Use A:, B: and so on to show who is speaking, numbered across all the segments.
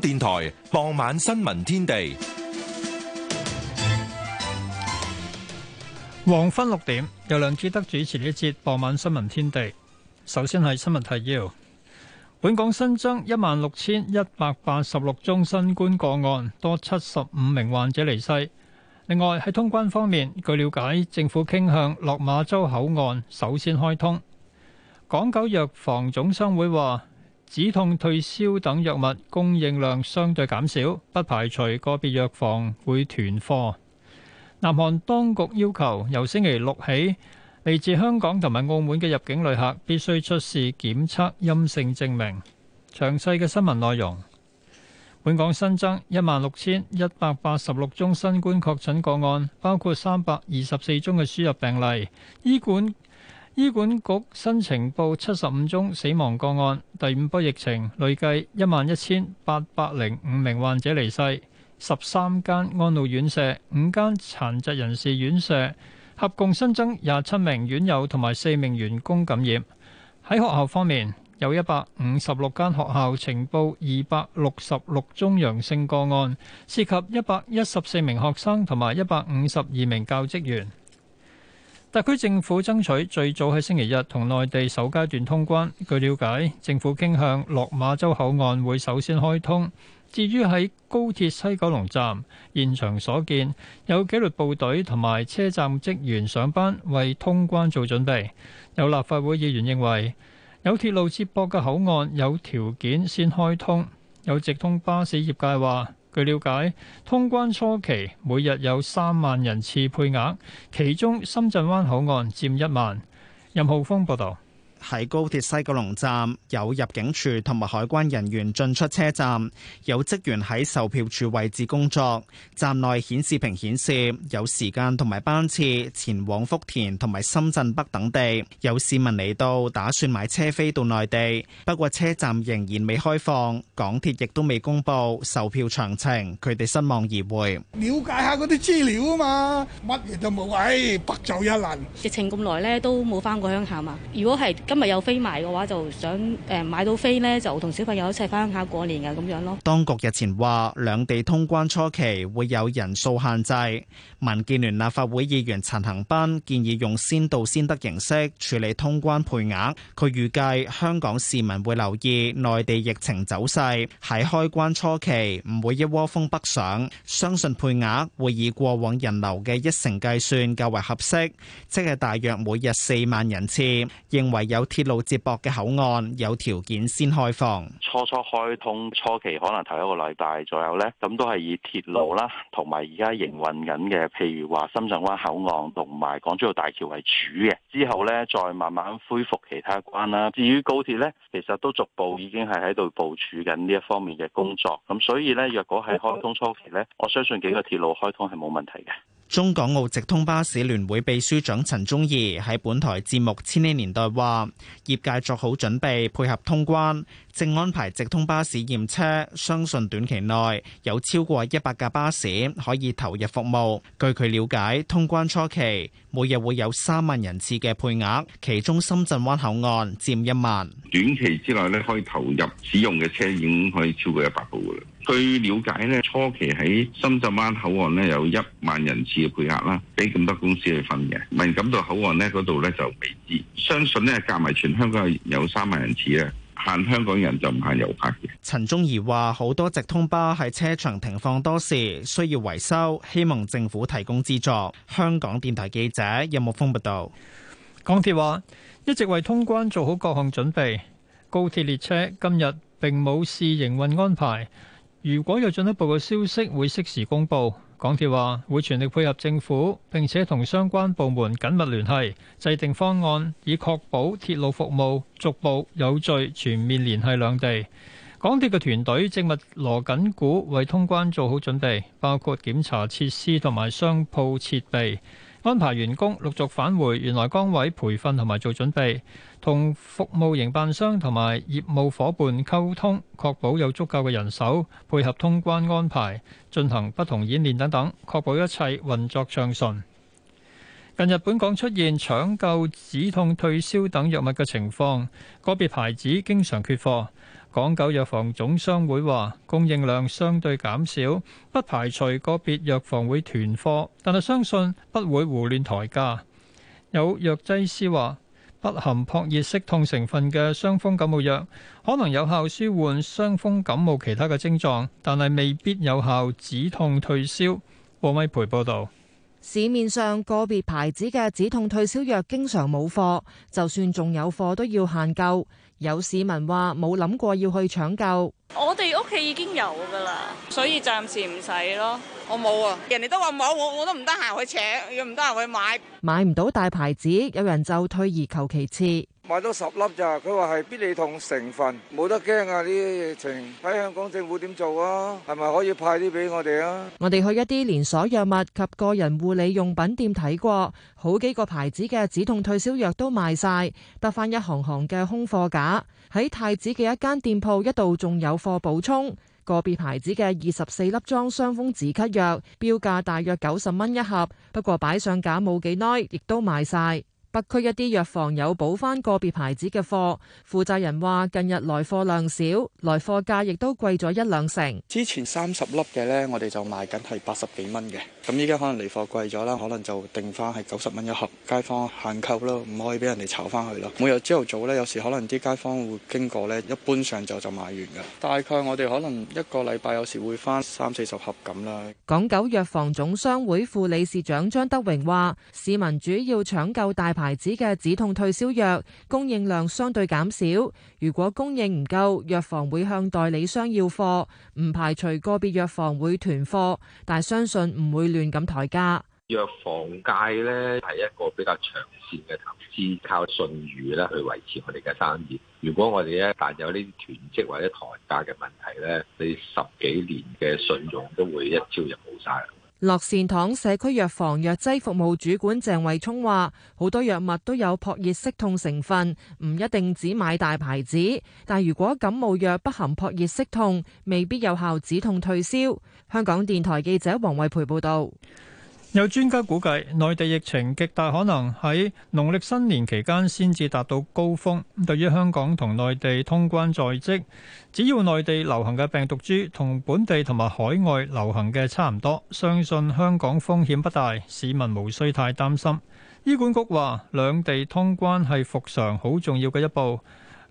A: 電台傍晚新聞天地，
B: 黃昏六點由梁志德主持呢一節傍晚新聞天地。首先係新聞提要：本港新增一萬六千一百八十六宗新冠個案，多七十五名患者離世。另外喺通關方面，據了解政府傾向落馬洲口岸首先開通。港九藥房總商會話。止痛、退燒等藥物供應量相對減少，不排除個別藥房會斷貨。南韓當局要求由星期六起，嚟自香港同埋澳門嘅入境旅客必須出示檢測陰性證明。詳細嘅新聞內容，本港新增一萬六千一百八十六宗新冠確診個案，包括三百二十四宗嘅輸入病例，醫管。醫管局新呈報七十五宗死亡個案，第五波疫情累計一萬一千八百零五名患者離世。十三間安老院舍、五間殘疾人士院舍合共新增廿七名院友同埋四名員工感染。喺學校方面，有一百五十六間學校呈報二百六十六宗陽性個案，涉及一百一十四名學生同埋一百五十二名教職員。特區政府爭取最早喺星期日同內地首階段通關。據了解，政府傾向落馬洲口岸會首先開通。至於喺高鐵西九龍站，現場所見，有紀律部隊同埋車站職員上班為通關做準備。有立法會議員認為，有鐵路接駁嘅口岸有條件先開通。有直通巴士業界話。據了解，通關初期每日有三萬人次配額，其中深圳
C: 灣口岸佔一萬。任浩峰報道。喺高鐵西九龍站有入境處同埋海關人員進出車站，有職員喺售票處位置工作。站內顯示屏顯示有時間同埋班次前往福田同埋深圳北等地。有市民嚟到打算買車飛到內地，不過車站仍然未開放，港鐵亦都未公布售票詳情，佢哋失望而回。
D: 了解下嗰啲資料啊嘛，乜嘢都冇，唉，白走一輪。疫情咁耐咧，都冇返過鄉下嘛？如果係。今日有飛埋嘅話，就想誒買到飛咧，就同小朋友一齊翻鄉下過年嘅咁樣咯。
C: 當局日前話，兩地通關初期會有人數限制。民建聯立法會議員陳恒斌建議用先到先得形式處理通關配額，佢預計香港市民會留意內地疫情走勢，喺開關初期唔會一窩蜂北上。相信配額會以過往人流嘅一成計算較為合適，即係大約每日四萬人次。認為有。有鐵路接駁嘅口岸，有條件先開放。
E: 初初開通初期，可能頭一個禮拜左右咧，咁都係以
B: 鐵路啦，同埋而家營運緊嘅，譬如話深圳灣口岸同埋港珠澳大
F: 橋為主嘅。之後咧，再慢慢恢復其他關啦。至於高鐵咧，其實都逐步已經係喺度部署緊呢一方面嘅工作。咁所以咧，若果係開通初期咧，我相信幾個鐵路開通係冇問題嘅。
C: 中港澳直通巴士聯會秘書長陳忠義喺本台節目《千禧年代》話：業界作好準備，配合通關。正安排直通巴士驗車，相信短期內有超過一百架巴士可以投入服務。據佢了解，通關初期每日會有三萬人次嘅配額，其中深圳灣口岸佔一萬。
G: 短期之內咧可以投入使用嘅車已經可以超過一百部噶啦。據了解咧，初期喺深圳灣口岸咧有一萬人次嘅配額啦，俾咁多公司去分嘅。敏感度口岸咧嗰度咧就未知，相信咧夾埋全香港有三萬人次咧。限香港人就唔限遊客
C: 嘅。陳忠儀話，好多直通巴喺車場停放多時，需要維修，希望政府提供資助。香港電台記者任木峰報道。港鐵話，一直為通關做好各項準備。高
B: 鐵列車今日並冇試營運安排。如果有進一步嘅消息，會適時公佈。港鐵話會全力配合政府，並且同相關部門緊密聯繫，制定方案，以確保鐵路服務逐步有序、全面聯繫兩地。港鐵嘅團隊正密鑼緊鼓為通關做好準備，包括檢查設施同埋商鋪設備。安排員工陸續返回原來崗位，培訓同埋做準備，同服務營辦商同埋業務伙伴溝通，確保有足夠嘅人手配合通關安排，進行不同演練等等，確保一切運作暢順。近日本港出現搶購止痛退燒等藥物嘅情況，個別牌子經常缺貨。港九藥房總商會話，供應量相對減少，不排除個別藥房會囤貨，但係相信不會胡亂抬價。有藥劑師話，不含撲熱息痛成分嘅傷風感冒藥可能有效舒緩傷風感冒其他嘅症狀，但係未必有效止痛退燒。黃偉培報導，
H: 市面上個別牌子嘅止痛退燒藥經常冇貨，就算仲有貨都要限購。有市民話冇諗過要去搶救，
I: 我哋屋企已經有噶啦，所以暫時唔使
J: 咯。我冇啊，人哋都話冇，我我都唔得閒去請，又唔得閒去買，
H: 買唔到大牌子，有人就退而求其次。
E: 買多十粒咋？佢話係必理痛成分，冇得驚啊！呢啲疫情，喺香港政府點做啊？係咪可以派啲俾我哋
H: 啊？我哋去一啲連鎖藥物及個人護理用品店睇過，好幾個牌子嘅止痛退燒藥都賣晒，得翻一行行嘅空貨架。喺太子嘅一間店鋪，一度仲有貨補充，個別牌子嘅二十四粒裝傷風止咳藥，標價大約九十蚊一盒，不過擺上架冇幾耐，亦都賣晒。北區一啲藥房有補翻個別牌子嘅貨，負責人話：近日來貨量少，來貨價亦都貴咗一兩成。
E: 之前三十粒嘅呢，我哋就賣緊係八十幾蚊嘅，咁依家可能嚟貨貴咗啦，可能就定翻係九十蚊一盒。街坊限購咯，唔可以俾人哋炒翻去咯。每日朝頭早呢，有時可能啲街坊會經過呢，一般上晝就買完噶。大概我哋可能一個禮拜有時會翻三四十盒咁
H: 啦。港九藥房總商會副理事長張德榮話：市民主要搶購大牌子嘅止痛退燒藥供應量相對減少，如果供應唔夠，藥房會向代理商要貨，唔排除個別藥房會囤貨，但係相信唔會亂咁抬價。
G: 藥房界咧係一個比較
A: 長線嘅投資，靠信譽咧去維持我哋嘅生意。如果我哋咧但有呢啲囤積或者抬價嘅問題咧，你十幾年嘅信用都會一朝就冇晒。
H: 樂善堂社區藥房藥劑服務主管鄭慧聰話：好多藥物都有撲熱息痛成分，唔一定只買大牌子。但如果感冒藥不含撲熱息痛，未必有效止痛退燒。香港電台記者黃慧培報道。
B: 有專家估計，內地疫情極大可能喺農曆新年期間先至達到高峰。對於香港同內地通關在即，只要內地流行嘅病毒株同本地同埋海外流行嘅差唔多，相信香港風險不大，市民無需太擔心。醫管局話，兩地通關係復常好重要嘅一步，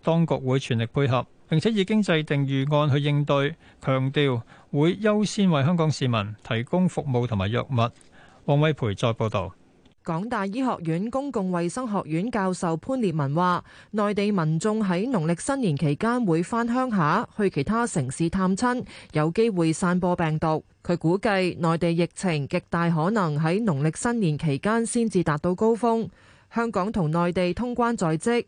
B: 當局會全力配合，並且已經制定預案去應對，強調會優先為香港市民提供服務同埋藥物。黃威培，再報道。
H: 港大醫學院公共衛生學院教授潘烈文話，內地民眾喺農曆新年期間會翻鄉下，去其他城市探親，有機會散播病毒。佢估計內地疫情極大可能喺農曆新年期間先至達到高峰。香港同內地通關在即。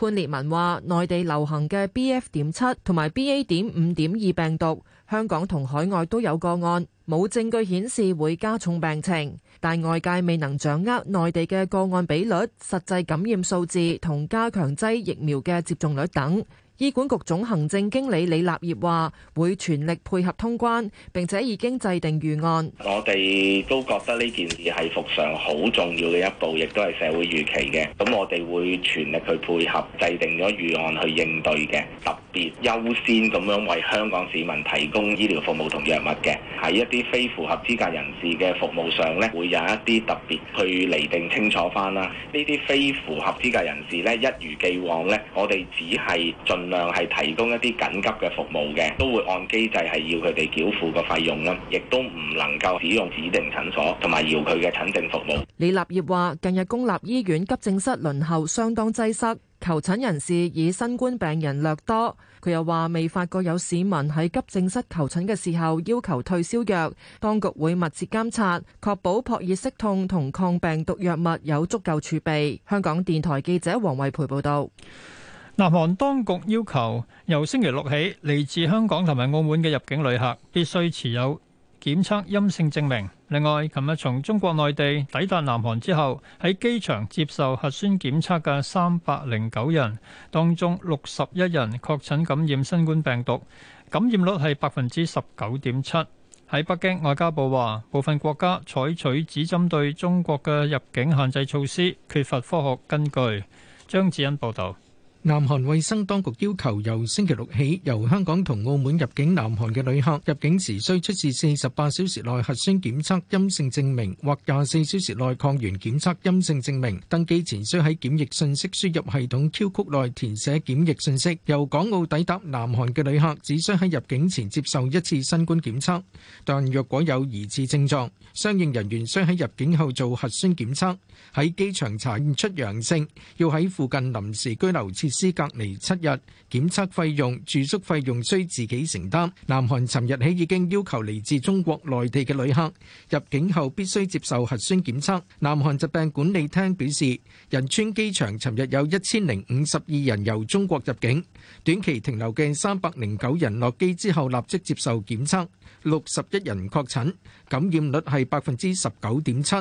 H: 潘烈文話：內地流行嘅 B. F. 點七同埋 B. A. 點五點二病毒，香港同海外都有個案，冇證據顯示會加重病情，但外界未能掌握內地嘅個案比率、實際感染數字同加強劑疫苗嘅接種率等。醫管局總行政經理李立業話，會全力配合通關，並且已經制定預案。
G: 我哋都覺得呢件事係復常好重要嘅一步，亦都係社會預期嘅。咁我哋
E: 會全力去配合，制定咗預案去應對嘅。特別優先咁樣為香港市民提供醫療服務同藥物嘅。喺一啲非符合資格人士嘅服務上咧，會有一啲特別去釐定清楚翻啦。呢啲非符合資格人士咧，一如既往咧，我哋只係盡。量係提供一啲緊急嘅服務嘅，都會按機制係要佢哋繳付個費用啦，亦都唔能夠使用指定診所同埋要佢嘅診症服務。
H: 李立業話：近日公立醫院急症室輪候相當擠塞，求診人士以新冠病人略多。佢又話：未發覺有市民喺急症室求診嘅時候要求退燒藥，當局會密切監察，確保撲熱息痛同抗病毒藥物有足夠儲備。香港電台記者黃惠培報道。
B: 南韓當局要求由星期六起，嚟自香港同埋澳門嘅入境旅客必須持有檢測陰性證明。另外，琴日從中國內地抵達南韓之後，喺機場接受核酸檢測嘅三百零九人當中，六十一人確診感染新冠病毒，感染率係百分之十九點七。喺北京外交部話，部分國家採取只針對中國嘅入境限制措施，缺乏科學根據。張子恩報導。
A: 南韓衛生當局要求由星期六起，由香港同澳門入境南韓嘅旅客入境時需出示四十八小時內核酸檢測陰性證明或廿四小時內抗原檢測陰性證明。登機前需喺檢疫信息輸入系統 Q 曲內填寫檢疫信息。由港澳抵達南韓嘅旅客只需喺入境前接受一次新冠檢測，但若果有疑似症狀，相應人員需喺入境後做核酸檢測。喺機場查驗出陽性，要喺附近臨時居留設施隔離七日，檢測費用、住宿費用需自己承擔。南韓尋日起已經要求嚟自中國內地嘅旅客入境後必須接受核酸檢測。南韓疾病管理廳表示，仁川機場尋日有一千零五十二人由中國入境，短期停留嘅三百零九人落機之後立即接受檢測，六十一人確診，感染率係百分之十九點七。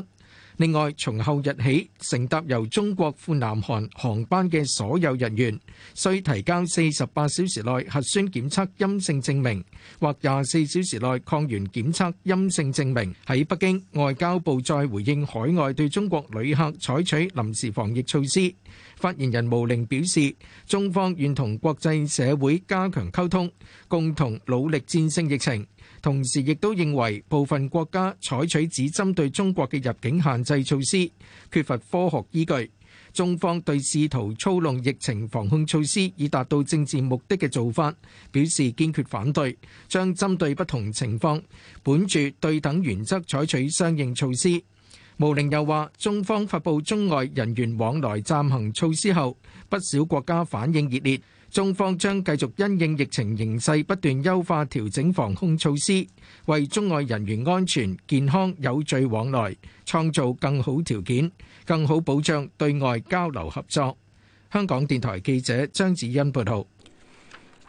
A: 另外，從後日起，乘搭由中國赴南韓航班嘅所有人員，需提交四十八小時內核酸檢測陰性證明或廿四小時內抗原檢測陰性證明。喺北京，外交部再回應海外對中國旅客採取臨時防疫措施。發言人毛寧表示，中方願同國際社會加強溝通，共同努力戰勝疫情。同時亦都認為部分國家採取只針對中國嘅入境限制措施，缺乏科學依據。中方對試圖操弄疫情防控措施以達到政治目的嘅做法表示堅決反對，將針對不同情況，本住對等原則採取相應措施。毛寧又話：中方發布中外人員往來暫行措施後，不少國家反應熱烈。中方將繼續因應疫情形勢，不斷優化調整防控措施，為中外人員安全健康有序往來創造更好條件，更好保障對外交流合作。香港電台記者張子欣報導。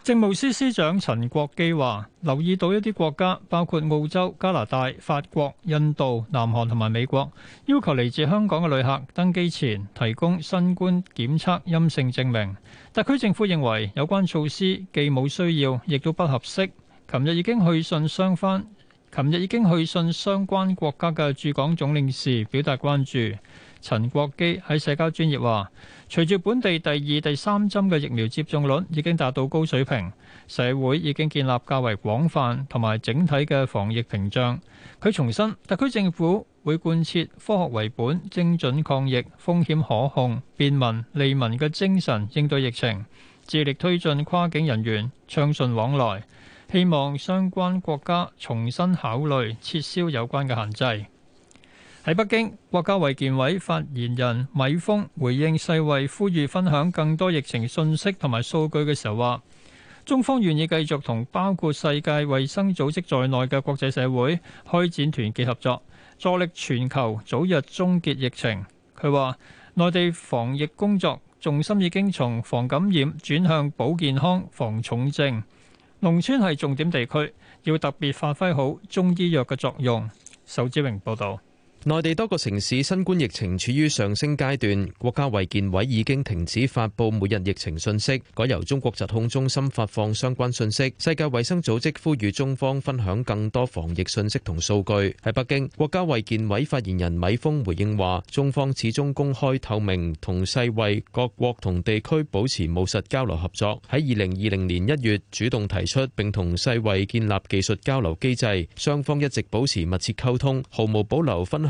A: 政務司司長陳
B: 國基話：留意到一啲國家，包括澳洲、加拿大、法國、印度、南韓同埋美國，要求嚟自香港嘅旅客登機前提供新冠檢測陰性證明。特區政府認為有關措施既冇需要，亦都不合適。琴日已經去信相關，琴日已經去信相關國家嘅駐港總領事，表達關注。陳國基喺社交專頁話。隨住本地第二、第三針嘅疫苗接種率已經達到高水平，社會已經建立較為廣泛同埋整體嘅防疫屏障。佢重申，特區政府會貫徹科學為本、精準抗疫、風險可控、便民利民嘅精神應對疫情，致力推進跨境人員暢順往來，希望相關國家重新考慮撤銷有關嘅限制。喺北京，國家衛健委發言人米峰回應世衛呼籲分享更多疫情信息同埋數據嘅時候，話中方願意繼續同包括世界衛生組織在內嘅國際社會開展團結合作，助力全球早日終結疫情。佢話，內地防疫工作重心已經從防感染轉向保健康、防重症。農村係重點地區，要特別發揮好中醫藥嘅作用。仇志榮報
K: 導。
F: 內地多個城市新冠疫情處於上升階段，國家衛健委已經停止發佈每日疫情信息，改由中國疾控中心發放相關信息。世界衛生組織呼籲中方分享更多防疫信息同數據。喺北京，國家衛健委發言人米峰回應話，中方始終公開透明，同世衛各國同地區保持務實交流合作。喺二零二零年一月主動提出並同世衛建立技術交流機制，雙方一直保持密切溝通，毫無保留分。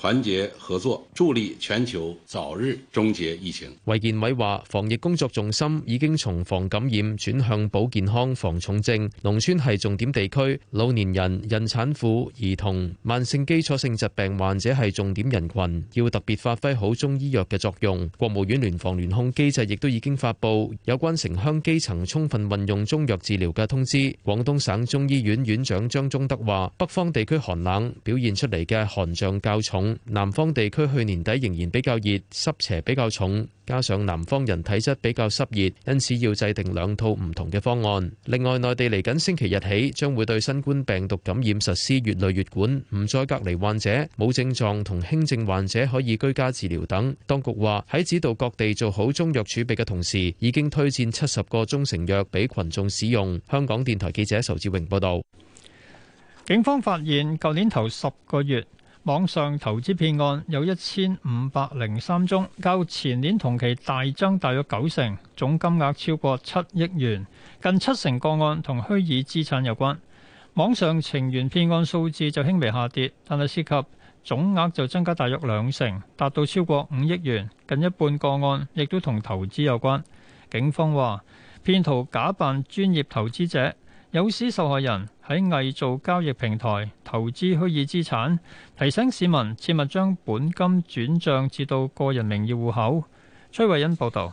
B: 團結合作，助力全球早日終結疫情。
F: 衛健委話，防疫工作重心已經從防感染轉向保健康、防重症。農村係重點地區，老年人、孕產婦、兒童、慢性基礎性疾病患者係重點人群，要特別發揮好中醫藥嘅作用。國務院聯防聯控機制亦都已經發布有關城鄉基層充分運用中藥治療嘅通知。廣東省中醫院院長張忠德話：北方地區寒冷表現出嚟嘅寒象較重。南方地區去年底仍然比較熱，濕邪比較重，加上南方人體質比較濕熱，因此要制定兩套唔同嘅方案。另外，內地嚟緊星期日起，將會對新冠病毒感染實施乙類乙管，唔再隔離患者，冇症狀同輕症患者可以居家治療等。當局話，喺指導各地做好中藥儲備嘅同時，已經推薦七十個中成藥俾群眾使用。香港電台記者仇志榮報導。
B: 警方發現，舊年頭十個月，網上投資騙案有一千五百零三宗，較前年同期大增大約九成，總金額超過七億元，近七成個案同虛擬資產有關。網上情緣騙案數字就輕微下跌，但係涉及總額就增加大約兩成，達到超過五億元，近一半個案亦都同投資有關。警方話，騙徒假扮專業投資者。有史受害人喺偽造交易平台投資虛擬資產，提醒市民切勿將本金轉賬至到個人名義戶口。崔慧欣報道。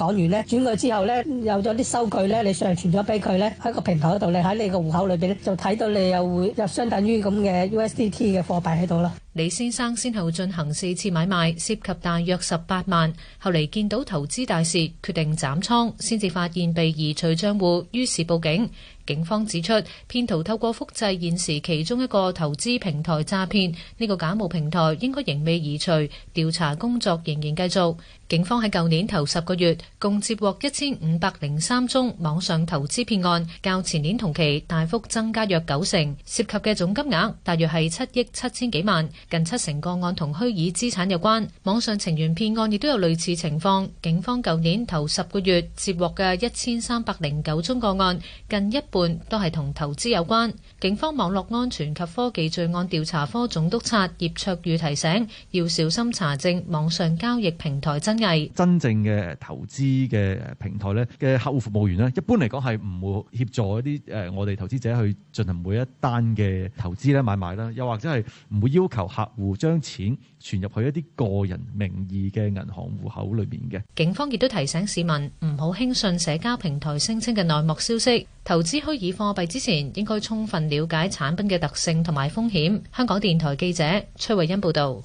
D: 講完咧，轉佢之後呢，有咗啲收據呢，你上傳咗俾佢咧，喺個平台嗰度，你喺你個戶口裏面，就睇到你有會有相等於咁嘅 USDT 嘅貨幣喺度啦。李
L: 先生先後進行四次買賣，涉及大約十八萬。後嚟見到投資大市，決定斬倉，先至發現被移除賬戶，於是報警。警方指出，騙徒透過複製現時其中一個投資平台詐騙，呢個假冒平台應該仍未移除，調查工作仍然繼續。警方喺舊年頭十個月共接獲一千五百零三宗網上投資騙案，較前年同期大幅增加約九成，涉及嘅總金額大約係七億七千幾萬。近七成個案同虛擬資產有關，網上情緣騙案亦都有類似情況。警方舊年頭十個月接獲嘅一千三百零九宗個案，近一半都係同投資有關。警方網絡安全及科技罪案調查科總督察葉卓宇提醒：要小心查證網上交易平台真偽。真正嘅
F: 投資嘅平台咧，嘅客戶服務員咧，一般嚟講係唔會協助一啲誒、呃、我哋投資者去進行每一單嘅投資咧買賣啦，又或者係唔會要求。客戶將錢存入去一啲個人名義嘅銀行戶口裏面嘅。
L: 警方亦都提醒市民唔好輕信社交平台聲稱嘅內幕消息。投資虛擬貨幣之前，應該充分了解產品嘅特性同埋風險。香港電台記者崔慧欣報道。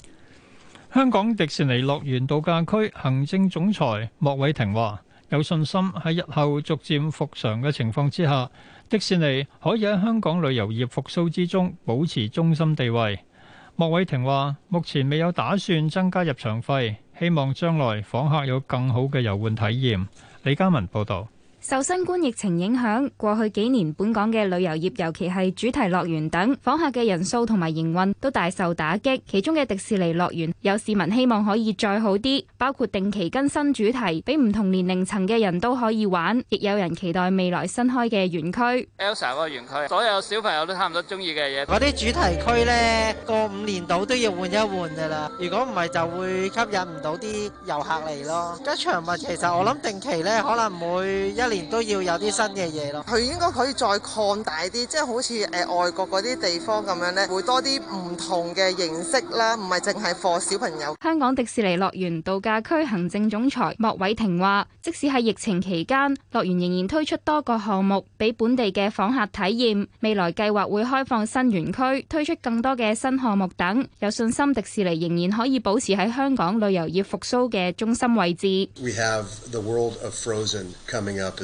B: 香港迪士尼樂園度假區行政總裁莫偉霆話，有信心喺日後逐漸復常嘅情況之下，迪士尼可以喺香港旅遊業復甦之中保持中心地位。莫偉霆話：目前未有打算增加入場費，希望將來訪客有更好嘅遊玩體驗。李嘉文報道。
I: 受新冠疫情影響，過去幾年本港嘅旅遊業，尤其係主題樂園等，訪客嘅人數同埋營運都大受打擊。其中嘅迪士尼樂園，有市民希望可以再好啲，包括定期更新主題，俾唔同年齡層嘅人都可以玩。亦有人期待未來新開嘅園區。
B: Elsa 嗰個園區，所有小朋友都差唔多中意嘅嘢。嗰啲主題區呢，
M: 過五年度都要換一換噶啦。如果唔係，就會吸引唔到啲遊客嚟咯。吉祥物其實我諗定期呢，可能每一都要有啲新嘅嘢咯，佢應該可以再擴
H: 大啲，即係好似誒外國嗰啲地方咁樣咧，會多啲唔同嘅形式啦，唔係淨係課小朋友。
I: 香港迪士尼樂園度假區行政總裁莫偉霆話，即使喺疫情期間樂園仍然推出多個項目俾本地嘅訪客體驗，未來計劃會開放新園區推出更多嘅新項目等，有信心迪士尼仍然可以保持喺香港旅遊業復蘇嘅中心位置。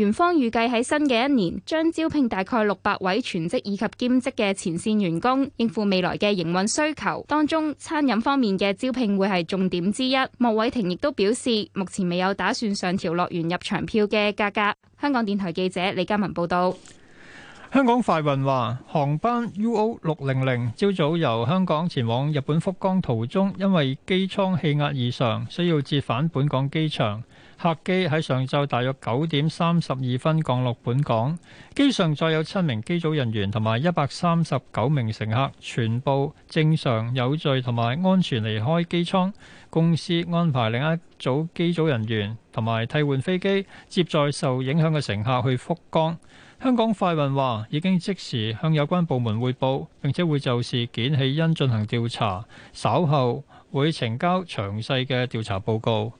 I: 園方預計喺新嘅一年將招聘大概六百位全職以及兼職嘅前線員工，應付未來嘅營運需求。當中餐飲方面嘅招聘會係重點之一。莫偉霆亦都表示，目前未有打算上調樂園入場票嘅價格。香港電台記者李嘉文報道。
B: 香港快運話，航班 UO 六零零朝早由香港前往日本福岡途中，因為機艙氣壓異常，需要折返本港機場。客機喺上晝大約九點三十二分降落本港，機上載有七名機組人員同埋一百三十九名乘客，全部正常有序同埋安全離開機艙。公司安排另一組機組人員同埋替換飛機，接載受影響嘅乘客去福岡。香港快運話已經即時向有關部門匯報，並且會就事件起因進行調查，稍後會呈交詳細嘅調查報告。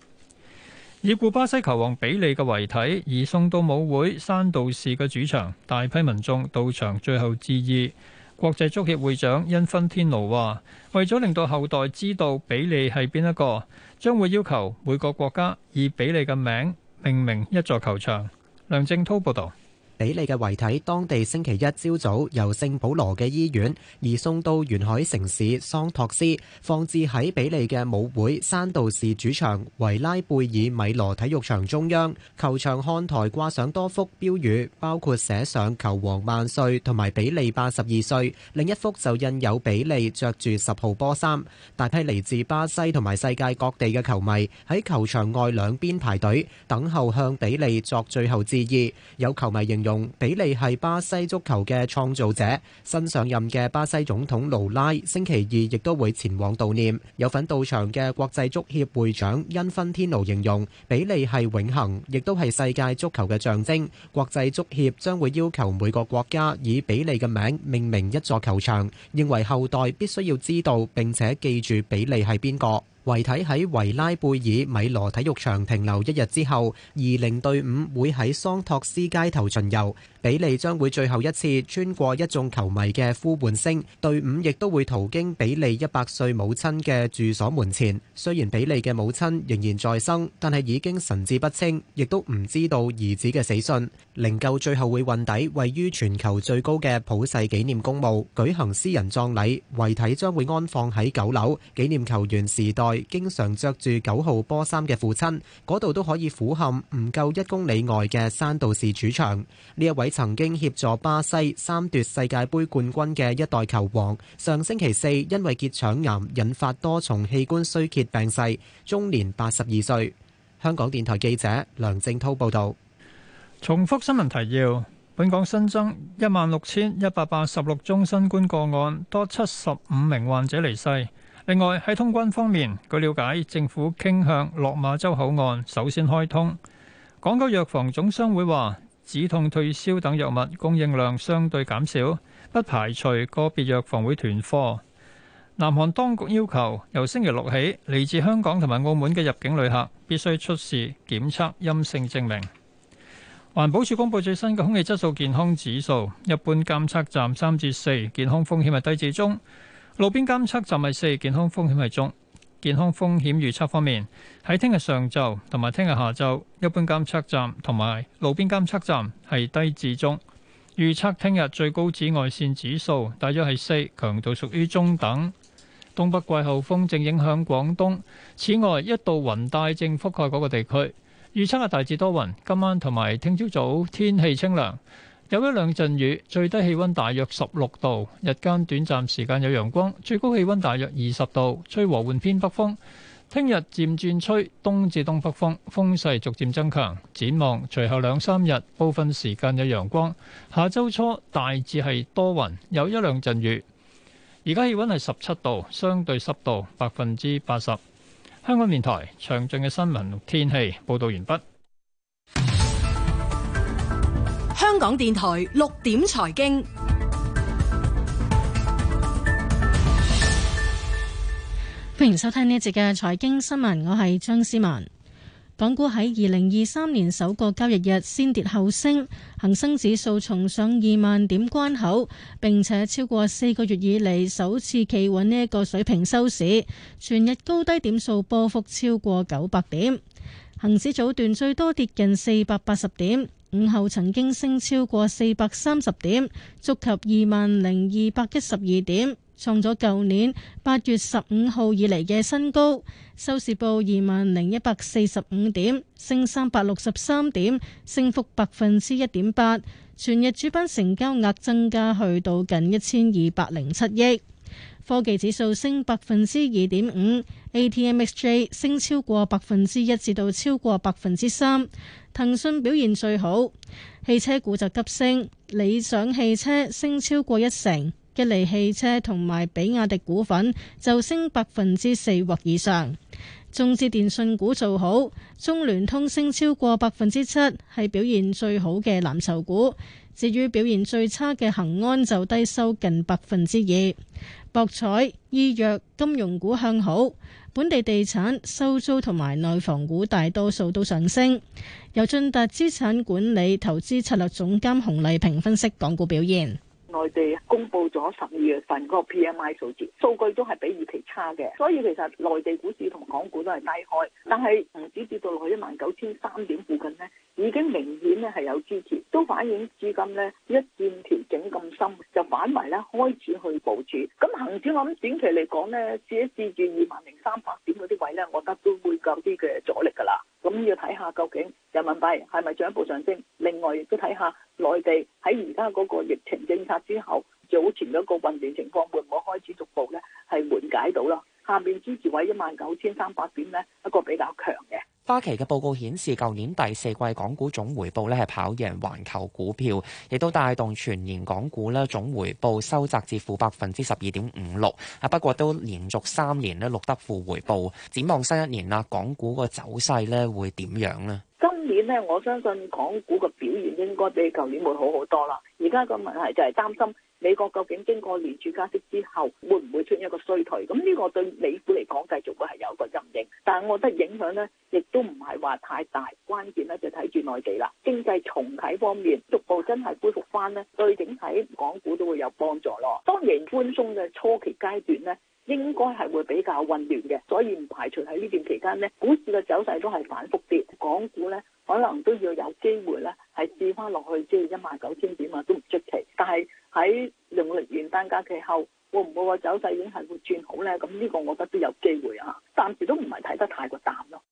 B: 已故，巴西球王比利嘅遺體移送到母會山道士嘅主場，大批民眾到場最後致意。國際足協會長因芬天奴話：為咗令到後代知道比利係邊一個，將會要求每個國家以比利嘅名命名一座球場。梁正濤報道。
M: 比利嘅遺體，當地星期一朝早由聖保羅嘅醫院移送到沿海城市桑托斯，放置喺比利嘅舞會山道士主場維拉貝爾米羅體育場中央。球場看台掛上多幅標語，包括寫上球王萬歲同埋比利八十二歲，另一幅就印有比利著住十號波衫。大批嚟自巴西同埋世界各地嘅球迷喺球場外兩邊排隊，等候向比利作最後致意。有球迷形容。用比利係巴西足球嘅創造者。新上任嘅巴西總統盧拉星期二亦都會前往悼念。有份到場嘅國際足協會長因芬天奴形容比利係永恆，亦都係世界足球嘅象徵。國際足協將會要求每個國家以比利嘅名命名一座球場，認為後代必須要知道並且記住比利係邊個。遺體喺維拉貝爾米羅體育場停留一日之後，二零隊伍會喺桑托斯街頭巡遊，比利將會最後一次穿過一眾球迷嘅呼喚聲，隊伍亦都會途經比利一百歲母親嘅住所門前。雖然比利嘅母親仍然在生，但係已經神志不清，亦都唔知道兒子嘅死訊。靈柩最後會運抵位於全球最高嘅普世紀念公墓舉行私人葬禮，遺體將會安放喺九樓紀念球員時代，經常着住九號波衫嘅父親，嗰度都可以俯瞰唔夠一公里外嘅山度士主場。呢一位曾經協助巴西三奪世界杯冠軍嘅一代球王，上星期四因為結腸癌引發多重器官衰竭病逝，終年八十二歲。香港電台記者梁正濤報道。重複新聞提要：本港新增一萬六千一百八十六宗
B: 新冠個案，多七十五名患者離世。另外喺通關方面，據了解，政府傾向落馬洲口岸首先開通。港九藥房總商會話，止痛退燒等藥物供應量相對減少，不排除個別藥房會囤貨。南韓當局要求由星期六起，嚟自香港同埋澳門嘅入境旅客必須出示檢測陰性證明。環保署公布最新嘅空氣質素健康指數，一般監測站三至四，健康風險係低至中。路邊監測站係四，健康風險係中。健康風險預測方面，喺聽日上晝同埋聽日下晝，一般監測站同埋路邊監測站係低至中。預測聽日最高紫外線指數大約係四，強度屬於中等。東北季候風正影響廣東，此外一道雲帶正覆蓋嗰個地區。預測係大緻多雲，今晚同埋聽朝早天氣清涼。有一兩陣雨，最低氣温大約十六度，日間短暫時間有陽光，最高氣温大約二十度，吹和緩偏北風。聽日漸轉吹東至東北風，風勢逐漸增強。展望隨後兩三日部分時間有陽光，下周初大致係多雲，有一兩陣雨。而家氣温係十七度，相對濕度百分之八十。香港電台詳盡嘅新聞天氣報導完畢。
D: 香港電台六點財經，歡迎收聽呢一節嘅財經新聞。我係張思文。港股喺二零二三年首個交易日先跌後升，恒生指數重上二萬點關口，並且超過四個月以嚟，首次企穩呢一個水平收市。全日高低點數波幅超過九百點，恒指早段最多跌近四百八十點。午後曾經升超過四百三十點，觸及二萬零二百一十二點，創咗舊年八月十五號以嚟嘅新高。收市報二萬零一百四十五點，升三百六十三點，升幅百分之一點八。全日主板成交額增加去到近一千二百零七億。科技指數升百分之二點五，ATMXJ 升超過百分之一，至到超過百分之三。騰訊表現最好，汽車股就急升，理想汽車升超過一成，吉利汽車同埋比亞迪股份就升百分之四或以上。中資電信股做好，中聯通升超過百分之七，係表現最好嘅藍籌股。至於表現最差嘅恒安就低收近百分之二。博彩、醫藥、金融股向好，本地地產收租同埋內房股大多數都上升。由駿達資產管理投資策略總監洪麗萍分析港股表現。
J: 內地公布咗十二月份個 PMI 數字，數據都係比預期差嘅，所以其實內地股市同港股都係低開，但係恆指跌到落去一萬九千三點附近呢，已經明顯咧係有支持，都反映資金咧一線調整咁深，就反而咧開始去部署。咁恆指我諗短期嚟講咧試一試住二萬零三百點嗰啲位咧，我覺得都會夠啲嘅阻力㗎啦。咁、嗯、要睇下究竟人民幣係咪進一步上升？另外亦都睇下內地喺而家嗰個疫情政策之後，早前嗰個混亂情況會唔會開始逐步咧係緩解到咯？下面支持位一萬九千三百點咧，一個比較
G: 強嘅。花旗嘅報告顯示，舊年第四季港股總回報咧係跑贏環球股票，亦都帶動全年港股咧總回報收窄至負百分之十二點五六。啊，不過都連續三年咧錄得負回報。展望新一年啦，港股個走勢咧會點樣呢？今
J: 年咧，我相信港股嘅表現應該比舊年會好好多啦。而家個問題就係擔心美國究竟經過連串加息之後，會唔會出現一個衰退？咁呢個對美股嚟講，繼續會係有一個陰影。但係我覺得影響咧，亦都唔係話太大。關鍵咧就睇住內地啦，經濟重啟方面逐步真係恢復翻咧，對整體港股都會有幫助咯。當然寬鬆嘅初期階段咧，應該係會比較混亂嘅，所以唔排除喺呢段期間呢，股市嘅走勢都係反覆跌，港股咧可能都要有機會咧。跌翻落去即係一萬九千點啊，都唔出奇。但係喺農曆元旦假期後，會唔會話走勢已經係會轉好呢？咁呢個我覺得都有機會啊，暫時都唔係睇得太過淡咯。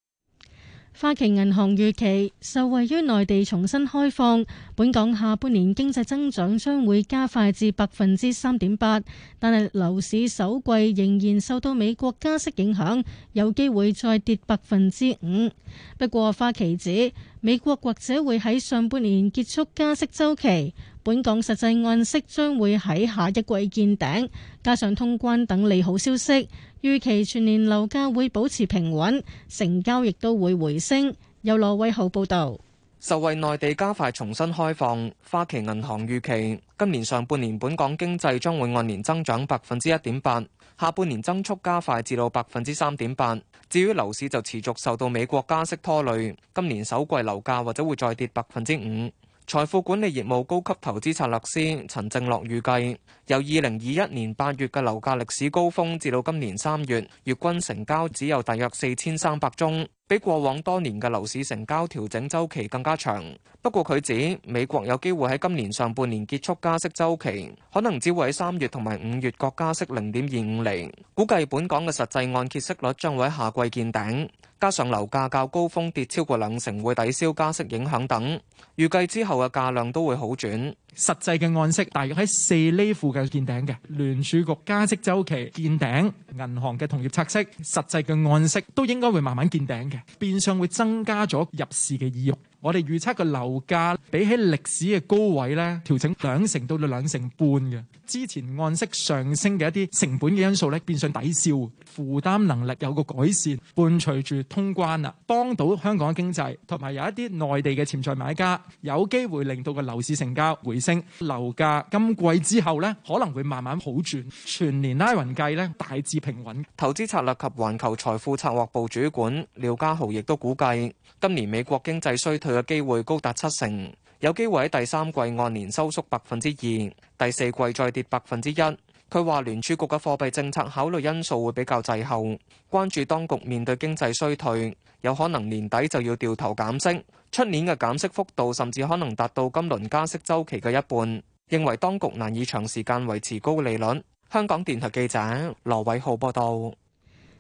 D: 花旗銀行預期受惠於內地重新開放，本港下半年經濟增長將會加快至百分之三點八，但係樓市首季仍然受到美國加息影響，有機會再跌百分之五。不過花旗指美國或者會喺上半年結束加息周期，本港實際按息將會喺下一季見頂，加上通關等利好消息，預期全年樓價會保持平穩，成交亦都會回升。有羅威浩報導，
E: 受惠內地加快重新開放，花旗銀行預期今年上半年本港經濟將會按年增長百分之一點八，下半年增速加快至到百分之三點八。至於樓市就持續受到美國加息拖累，今年首季樓價或者會再跌百分之五。財富管理業務高級投資策略師陳正樂預計，由二零二一年八月嘅樓價歷史高峰至到今年三月，月均成交只有大約四千三百宗，比過往多年嘅樓市成交調整周期更加長。不過佢指美國有機會喺今年上半年結束加息週期，可能只會喺三月同埋五月各加息零點二五厘。估計本港嘅實際按揭息率將會喺下季見頂，加上樓價較高峰跌超過兩成，會抵消加息影響等。預計之後嘅價量都會好轉。
A: 實際嘅按息大約喺四厘附近見頂嘅，聯儲局加息週期見頂，銀行嘅同業拆息、實際嘅按息都應該會慢慢見頂嘅，變相會增加咗入市嘅意欲。我哋預測個樓價比起歷史嘅高位咧，調整兩成到兩成半嘅。之前按息上升嘅一啲成本嘅因素咧，變相抵消，負擔能力有個改善。伴隨住通關啦，幫到香港經濟，同埋有一啲內地嘅潛在買家有機會令到個樓市成交回升，樓價今季之後咧，可能會慢慢好轉。全年拉勻計咧，大致平穩。
E: 投資策略及環球財富策劃部主管廖家豪亦都估計，今年美國經濟衰退嘅機會高達七成，有機會喺第三季按年收縮百分之二，第四季再跌百分之一。佢話聯儲局嘅貨幣政策考慮因素會比較滯後，關注當局面對經濟衰退，有可能年底就要掉頭減息，出年嘅減息幅度甚至可能達到今輪加息週期嘅一半，認為當局難以長時間維持高利率。香港電台記者羅偉浩報道。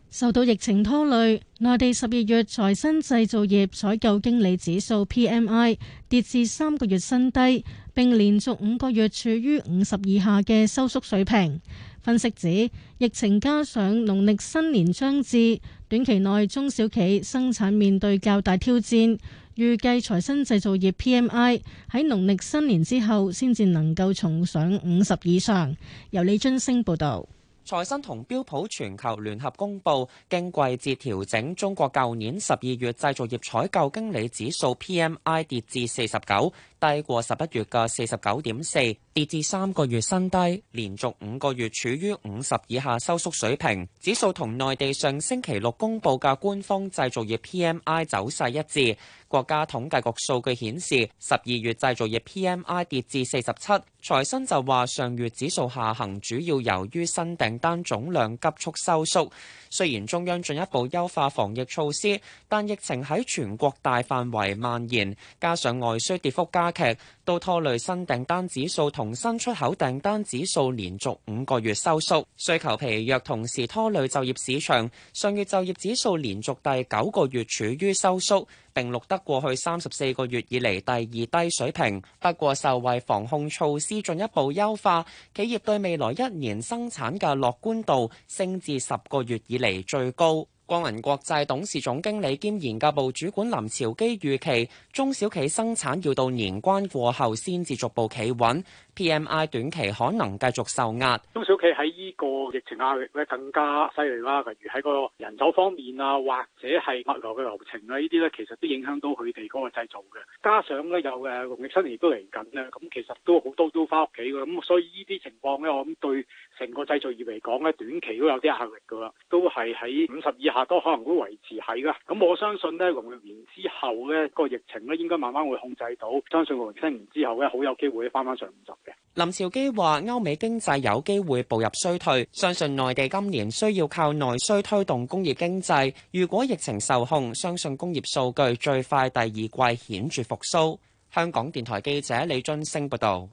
D: 受到疫情拖累，內地十二月財新製造業採購經理指數 P M I 跌至三個月新低，並連續五個月處於五十以下嘅收縮水平。分析指，疫情加上農曆新年將至，短期內中小企生產面對較大挑戰。預計財新製造業 P M I 喺農曆新年之後先至能夠重上五十以上。由李津升報道。
G: 財新同標普全球聯合公佈，經季節調整，中國舊年十二月製造業採購經理指數 PMI 跌至四十九。低過十一月嘅四十九點四，跌至三個月新低，連續五個月處於五十以下收縮水平。指數同內地上星期六公布嘅官方製造業 PMI 走勢一致。國家統計局數據顯示，十二月製造業 PMI 跌至四十七。財新就話，上月指數下行主要由於新訂單總量急速收縮。雖然中央進一步優化防疫措施，但疫情喺全國大範圍蔓延，加上外需跌幅加。劇都拖累新訂單指數同新出口訂單指數連續五個月收縮，需求疲弱，同時拖累就業市場。上月就業指數連續第九個月處於收縮，並錄得過去三十四個月以嚟第二低水平。不過，受惠防控措施進一步優化，企業對未來一年生產嘅樂觀度升至十個月以嚟最高。光銀國際董事總經理兼研究部主管林潮基預期，中小企生產要到年關過後先至逐步企穩。P.M.I. 短期可能繼續受壓。
E: 中小企喺呢個疫情壓力咧更加犀利啦，例如喺個人手方面啊，或者係物流嘅流程啊，呢啲咧其實都影響到佢哋嗰個製造嘅。加上咧有誒農曆新年都嚟緊啦，咁其實都好多都翻屋企嘅，咁所以呢啲情況咧，我諗對成個製造業嚟講咧，短期都有啲壓力噶，都係喺五十以下都可能會維持喺㗎。咁我相信咧農曆新年之後咧個疫情咧應該慢慢會控制到，相信農曆新年之後咧好有機會翻翻上五十。
G: 林兆基話：歐美經濟有機會步入衰退，相信內地今年需要靠內需推動工業經濟。如果疫情受控，相信工業數據最快第二季顯著復蘇。香港電台記者李俊升報道：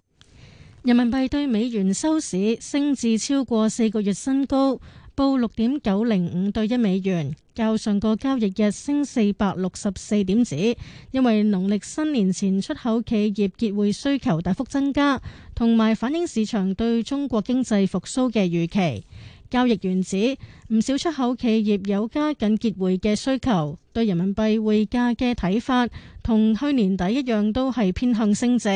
D: 人民幣對美元收市升至超過四個月新高。報六點九零五兌一美元，較上個交易日升四百六十四點子，因為農曆新年前出口企業結匯需求大幅增加，同埋反映市場對中國經濟復蘇嘅預期。交易員指唔少出口企業有加緊結匯嘅需求，對人民幣匯價嘅睇法同去年底一樣，都係偏向升值。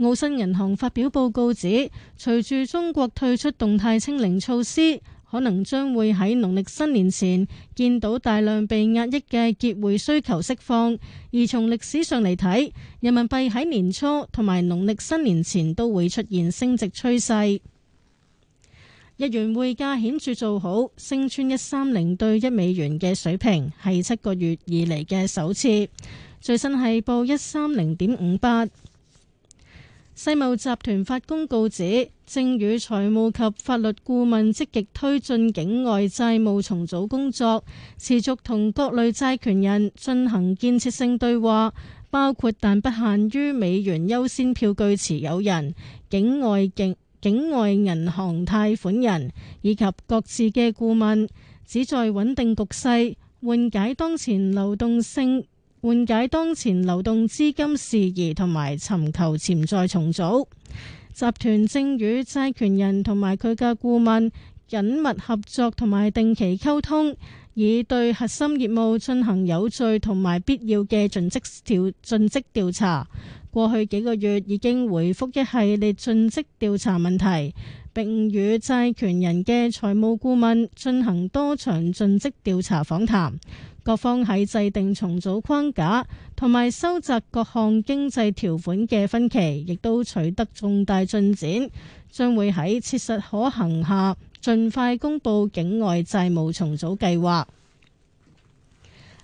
D: 澳新銀行發表報告指，隨住中國退出動態清零措施，可能將會喺農曆新年前見到大量被壓抑嘅結匯需求釋放，而從歷史上嚟睇，人民幣喺年初同埋農曆新年前都會出現升值趨勢。日元匯價顯著做好，升穿一三零對一美元嘅水平，係七個月以嚟嘅首次。最新係報一三零點五八。世茂集團發公告指，正與財務及法律顧問積極推進境外債務重組工作，持續同各類債權人進行建設性對話，包括但不限於美元優先票據持有人、境外境境外銀行貸款人以及各自嘅顧問，旨在穩定局勢、緩解當前流動性。緩解當前流動資金事宜，同埋尋求潛在重組。集團正與債權人同埋佢嘅顧問緊密合作，同埋定期溝通，以對核心業務進行有序同埋必要嘅盡職調盡職調查。過去幾個月已經回復一系列盡職調查問題，並與債權人嘅財務顧問進行多場盡職調查訪談。各方喺制定重組框架同埋收窄各項經濟條款嘅分歧，亦都取得重大進展，將會喺切實可行下盡快公布境外債務重組計劃。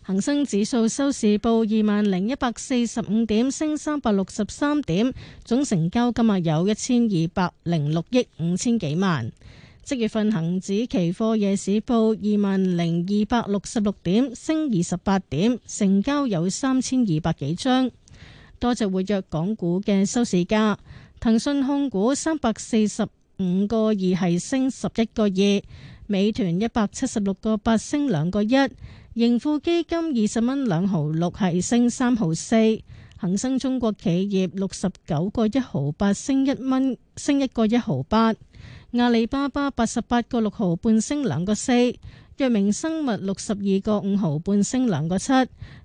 D: 恒生指數收市報二萬零一百四十五點，升三百六十三點，總成交金額有一千二百零六億五千幾萬。即月份恒指期貨夜市報二萬零二百六十六點，升二十八點，成交有三千二百幾張。多隻活躍港股嘅收市價：騰訊控股三百四十五個二係升十一個二，美團一百七十六個八升兩個一，盈富基金二十蚊兩毫六係升三毫四，恒生中國企業六十九個一毫八升一蚊升一個一毫八。阿里巴巴八十八個六毫半升兩個四，藥明生物六十二個五毫半升兩個七，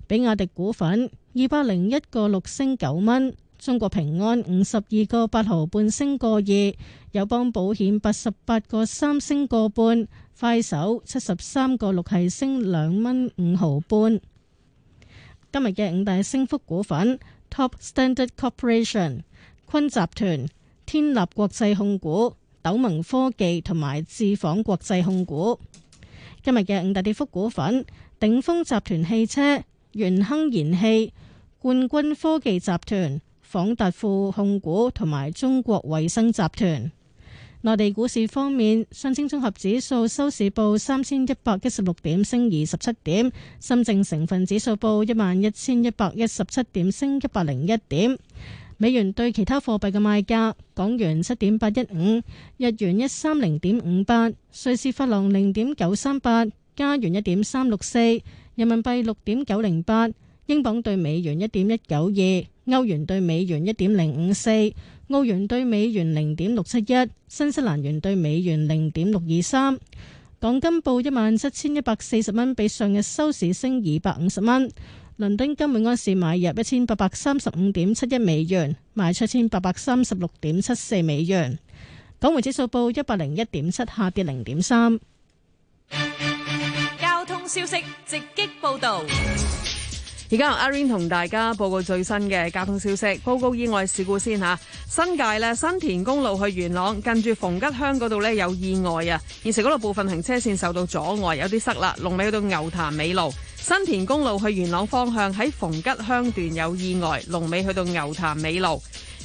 D: 比亞迪股份二百零一個六升九蚊，中國平安五十二個八毫半升個二，友邦保險八十八個三升個半，快手七十三個六係升兩蚊五毫半。今日嘅五大升幅股份：Top Standard Corporation、坤集團、天立國際控股。斗盟科技同埋智仿國際控股，今日嘅五大跌幅股份：鼎豐集團汽車、元亨燃氣、冠軍科技集團、紡達富控股同埋中國衛生集團。內地股市方面，上證綜合指數收市報三千一百一十六點，升二十七點；深證成分指數報一萬一千一百一十七點，升一百零一點。美元對其他貨幣嘅賣價：港元七點八一五，日元一三零點五八，瑞士法郎零點九三八，加元一點三六四，人民幣六點九零八，英鎊對美元一點一九二，歐元對美元一點零五四，澳元對美元零點六七一，新西蘭元對美元零點六二三。港金報一萬七千一百四十蚊，比上日收市升二百五十蚊。倫敦金每安士買入一千八百三十五點七一美元，賣出千八百三十六點七四美元。港匯指數報一百零一點七，下跌零點三。
L: 交通消息直擊報道，
K: 而家由阿 Rain 同大家報告最新嘅交通消息。報告意外事故先吓，新界咧新田公路去元朗，近住逢吉鄉嗰度咧有意外啊！現時嗰度部分行車線受到阻礙，有啲塞啦。龍尾去到牛潭尾路。新田公路去元朗方向，喺逢吉鄉段有意外，龍尾去到牛潭尾路；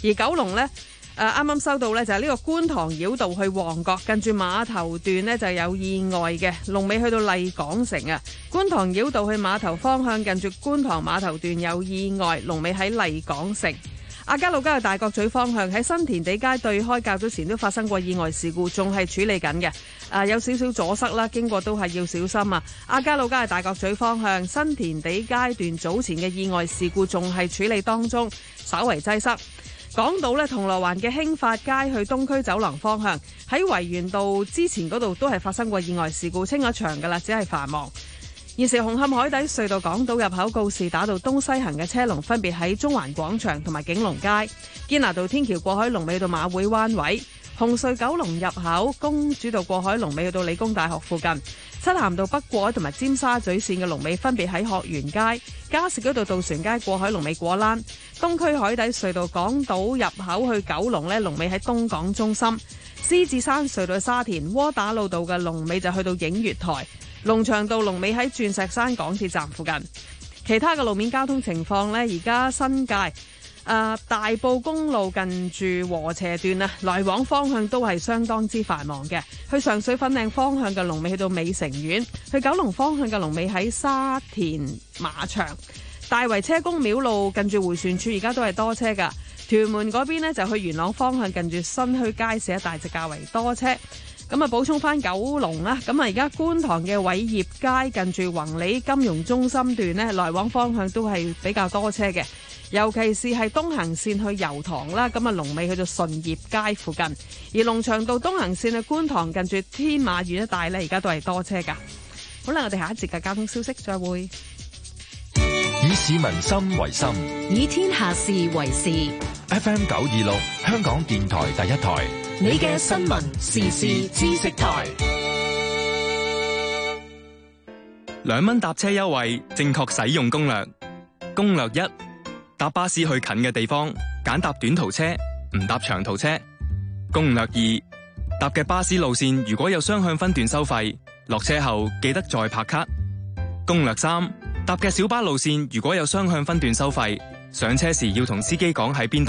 K: 而九龍呢，誒啱啱收到呢，就係呢個觀塘繞道去旺角，近住碼頭段呢，就有意外嘅，龍尾去到麗港城啊！觀塘繞道去碼頭方向，近住觀塘碼頭段有意外，龍尾喺麗港城。亞皆老街嘅大角咀方向喺新填地街對開，較早前都發生過意外事故，仲係處理緊嘅。啊、呃，有少少阻塞啦，經過都係要小心啊。亞皆老街嘅大角咀方向新填地街段早前嘅意外事故仲係處理當中，稍為擠塞。港島咧，銅鑼灣嘅興發街去東區走廊方向喺維園道之前嗰度都係發生過意外事故，清咗場噶啦，只係繁忙。現時紅磡海底隧道港島入口告士打道東西行嘅車龍，分別喺中環廣場同埋景隆街、堅拿道天橋過海龍尾到馬會灣位；紅隧九龍入口公主道過海龍尾去到理工大學附近；漆咸道北過海同埋尖沙咀線嘅龍尾分別喺鶴園街、加士居道渡船街過海龍尾果欄；東區海底隧道港島入口去九龍呢龍尾喺東港中心；獅子山隧道沙田窩打老道嘅龍尾就去到影月台。龍翔道龍尾喺鑽石山港鐵站附近，其他嘅路面交通情況呢，而家新界誒、呃、大埔公路近住禾輋段啊，來往方向都係相當之繁忙嘅。去上水粉嶺方向嘅龍尾去到美城苑，去九龍方向嘅龍尾喺沙田馬場，大圍車公廟路近住回旋處而家都係多車噶。屯門嗰邊呢，就去元朗方向近住新墟街市一帶就較為多車。咁啊，補充返九龍啦。咁啊，而家觀塘嘅偉業街近住宏利金融中心段咧，來往方向都係比較多車嘅。尤其是係東行線去油塘啦，咁啊，龍尾去到駿業街附近。而龍翔道東行線去觀塘近住天馬苑一帶咧，而家都係多車㗎。好啦，我哋下一節嘅交通消息再會。
A: 以市民心為心，
K: 以天下事為事。
A: FM 九二六，香港電台第一台，
L: 你嘅新聞時事知
A: 識台。
E: 兩蚊搭車優惠，正確使用攻略。攻略一：搭巴士去近嘅地方，揀搭短途車，唔搭長途車。攻略二：搭嘅巴士路綫如果有雙向分段收費，落車後記得再拍卡。攻略三。
H: 搭嘅小巴路線如果有雙向分段收費，上車時要同司機講喺邊。